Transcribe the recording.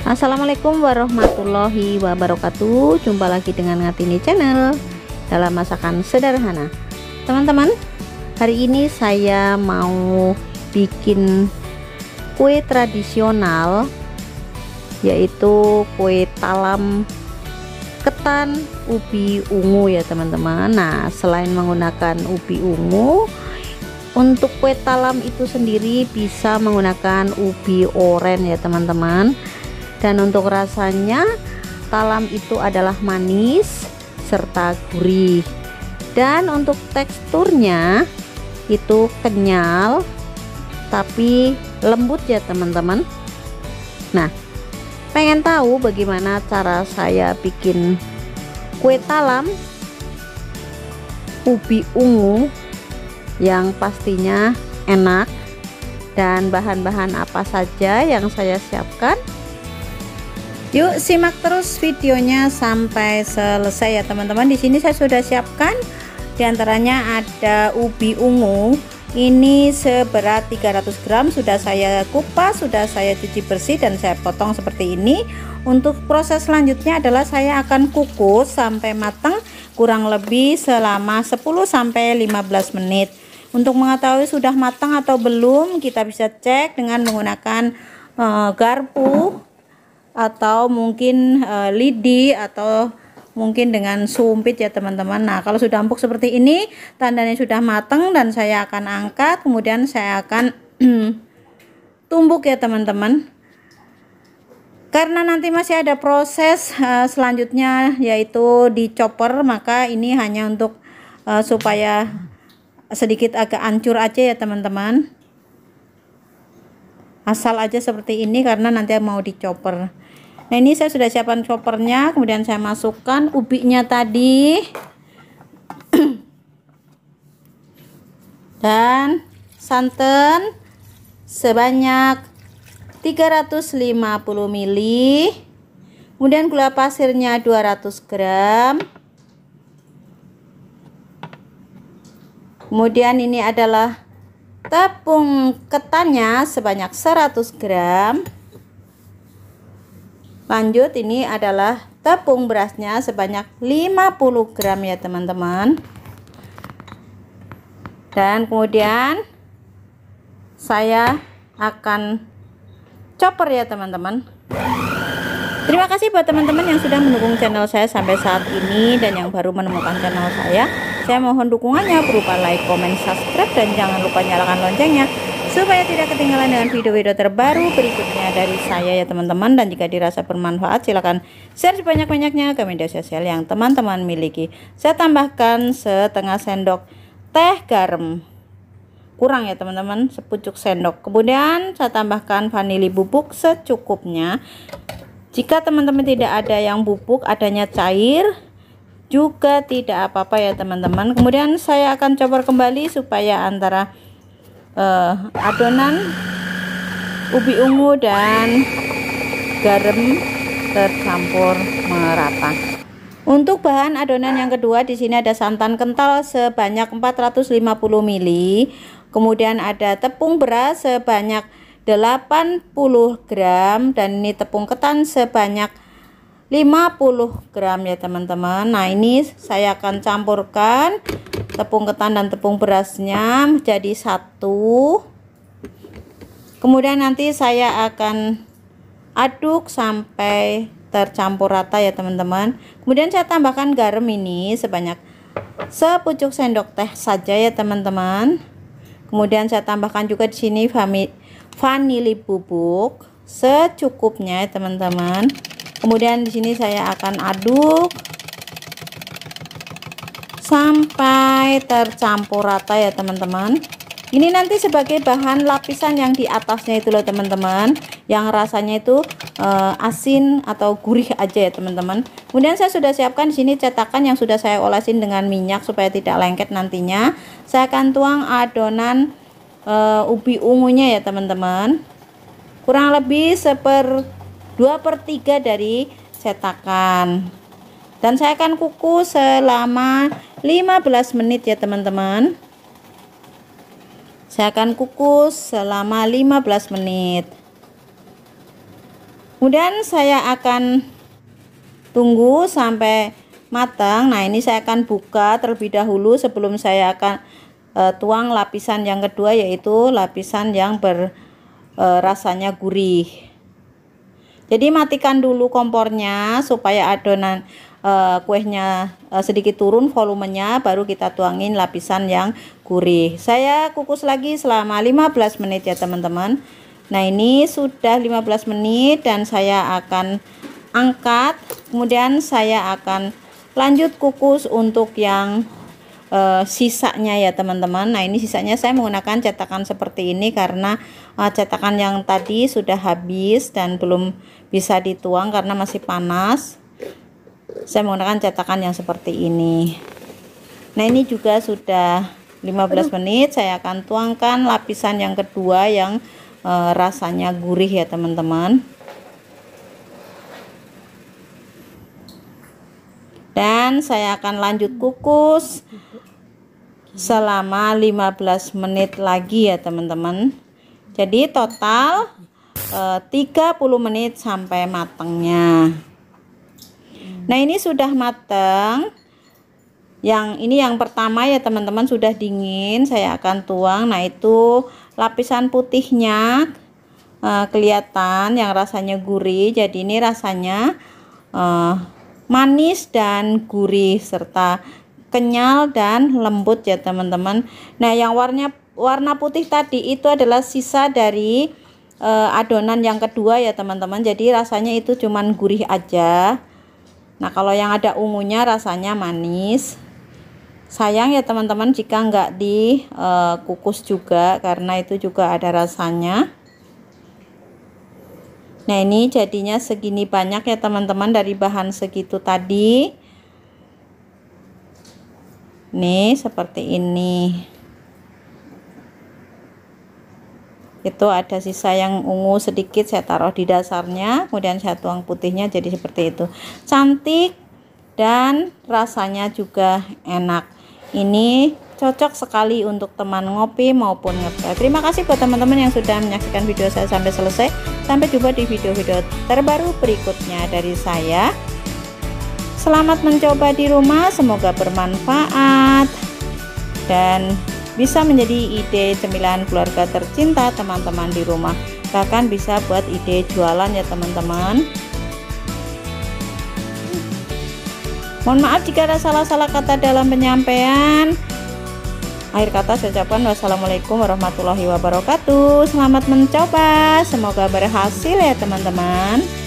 Assalamualaikum warahmatullahi wabarakatuh Jumpa lagi dengan Ngatini Channel Dalam masakan sederhana Teman-teman Hari ini saya mau bikin kue tradisional Yaitu kue talam ketan ubi ungu ya teman-teman Nah selain menggunakan ubi ungu Untuk kue talam itu sendiri bisa menggunakan ubi oren ya teman-teman dan untuk rasanya talam itu adalah manis serta gurih dan untuk teksturnya itu kenyal tapi lembut ya teman-teman nah pengen tahu bagaimana cara saya bikin kue talam ubi ungu yang pastinya enak dan bahan-bahan apa saja yang saya siapkan Yuk simak terus videonya sampai selesai ya teman-teman. Di sini saya sudah siapkan diantaranya ada ubi ungu ini seberat 300 gram sudah saya kupas sudah saya cuci bersih dan saya potong seperti ini untuk proses selanjutnya adalah saya akan kukus sampai matang kurang lebih selama 10 sampai 15 menit untuk mengetahui sudah matang atau belum kita bisa cek dengan menggunakan eh, garpu atau mungkin e, lidi atau mungkin dengan sumpit ya teman-teman nah kalau sudah empuk seperti ini tandanya sudah matang dan saya akan angkat kemudian saya akan tumbuk ya teman-teman karena nanti masih ada proses uh, selanjutnya yaitu dicoper maka ini hanya untuk uh, supaya sedikit agak hancur aja ya teman-teman asal aja seperti ini karena nanti mau dicoper nah ini saya sudah siapkan choppernya kemudian saya masukkan ubinya tadi dan santan sebanyak 350 ml kemudian gula pasirnya 200 gram kemudian ini adalah tepung ketannya sebanyak 100 gram lanjut ini adalah tepung berasnya sebanyak 50 gram ya teman-teman dan kemudian saya akan chopper ya teman-teman terima kasih buat teman-teman yang sudah mendukung channel saya sampai saat ini dan yang baru menemukan channel saya saya mohon dukungannya berupa like, komen, subscribe, dan jangan lupa nyalakan loncengnya supaya tidak ketinggalan dengan video-video terbaru berikutnya dari saya ya teman-teman dan jika dirasa bermanfaat silahkan share sebanyak-banyaknya ke media sosial yang teman-teman miliki saya tambahkan setengah sendok teh garam kurang ya teman-teman sepucuk sendok kemudian saya tambahkan vanili bubuk secukupnya jika teman-teman tidak ada yang bubuk adanya cair juga tidak apa-apa ya teman-teman kemudian saya akan coba kembali supaya antara uh, adonan ubi ungu dan garam tercampur merata untuk bahan adonan yang kedua di sini ada santan kental sebanyak 450 ml kemudian ada tepung beras sebanyak 80 gram dan ini tepung ketan sebanyak 50 gram ya teman-teman nah ini saya akan campurkan tepung ketan dan tepung berasnya menjadi satu kemudian nanti saya akan aduk sampai tercampur rata ya teman-teman kemudian saya tambahkan garam ini sebanyak sepucuk sendok teh saja ya teman-teman kemudian saya tambahkan juga di sini vanili bubuk secukupnya ya teman-teman kemudian di sini saya akan aduk sampai tercampur rata ya teman-teman ini nanti sebagai bahan lapisan yang di atasnya itu loh teman-teman yang rasanya itu e, asin atau gurih aja ya teman-teman kemudian saya sudah siapkan di sini cetakan yang sudah saya olesin dengan minyak supaya tidak lengket nantinya saya akan tuang adonan e, ubi ungunya ya teman-teman kurang lebih seper 2 per 3 dari cetakan dan saya akan kukus selama 15 menit ya teman-teman saya akan kukus selama 15 menit kemudian saya akan tunggu sampai matang nah ini saya akan buka terlebih dahulu sebelum saya akan e, tuang lapisan yang kedua yaitu lapisan yang ber e, rasanya gurih jadi matikan dulu kompornya supaya adonan uh, eh, kuenya uh, eh, sedikit turun volumenya baru kita tuangin lapisan yang gurih saya kukus lagi selama 15 menit ya teman-teman nah ini sudah 15 menit dan saya akan angkat kemudian saya akan lanjut kukus untuk yang uh, sisanya ya teman-teman nah ini sisanya saya menggunakan cetakan seperti ini karena Eh, cetakan yang tadi sudah habis dan belum bisa dituang karena masih panas saya menggunakan cetakan yang seperti ini nah ini juga sudah 15 menit saya akan tuangkan lapisan yang kedua yang e, rasanya gurih ya teman-teman dan saya akan lanjut kukus selama 15 menit lagi ya teman-teman jadi total eh, 30 menit sampai matangnya nah ini sudah matang yang ini yang pertama ya teman-teman sudah dingin saya akan tuang nah itu lapisan putihnya eh, kelihatan yang rasanya gurih jadi ini rasanya eh, manis dan gurih serta kenyal dan lembut ya teman-teman nah yang warnanya warna putih tadi itu adalah sisa dari uh, adonan yang kedua ya teman-teman jadi rasanya itu cuman gurih aja nah kalau yang ada ungunya rasanya manis sayang ya teman-teman jika nggak dikukus eh, juga karena itu juga ada rasanya nah ini jadinya segini banyak ya teman-teman dari bahan segitu tadi nih seperti ini itu ada sisa yang ungu sedikit saya taruh di dasarnya kemudian saya tuang putihnya jadi seperti itu cantik dan rasanya juga enak ini cocok sekali untuk teman ngopi maupun ngepel terima kasih buat teman-teman yang sudah menyaksikan video saya sampai selesai sampai jumpa di video-video terbaru berikutnya dari saya selamat mencoba di rumah semoga bermanfaat dan bisa menjadi ide cemilan keluarga tercinta teman-teman di rumah bahkan bisa buat ide jualan ya teman-teman mohon maaf jika ada salah-salah kata dalam penyampaian Akhir kata saya ucapkan wassalamualaikum warahmatullahi wabarakatuh. Selamat mencoba, semoga berhasil ya teman-teman.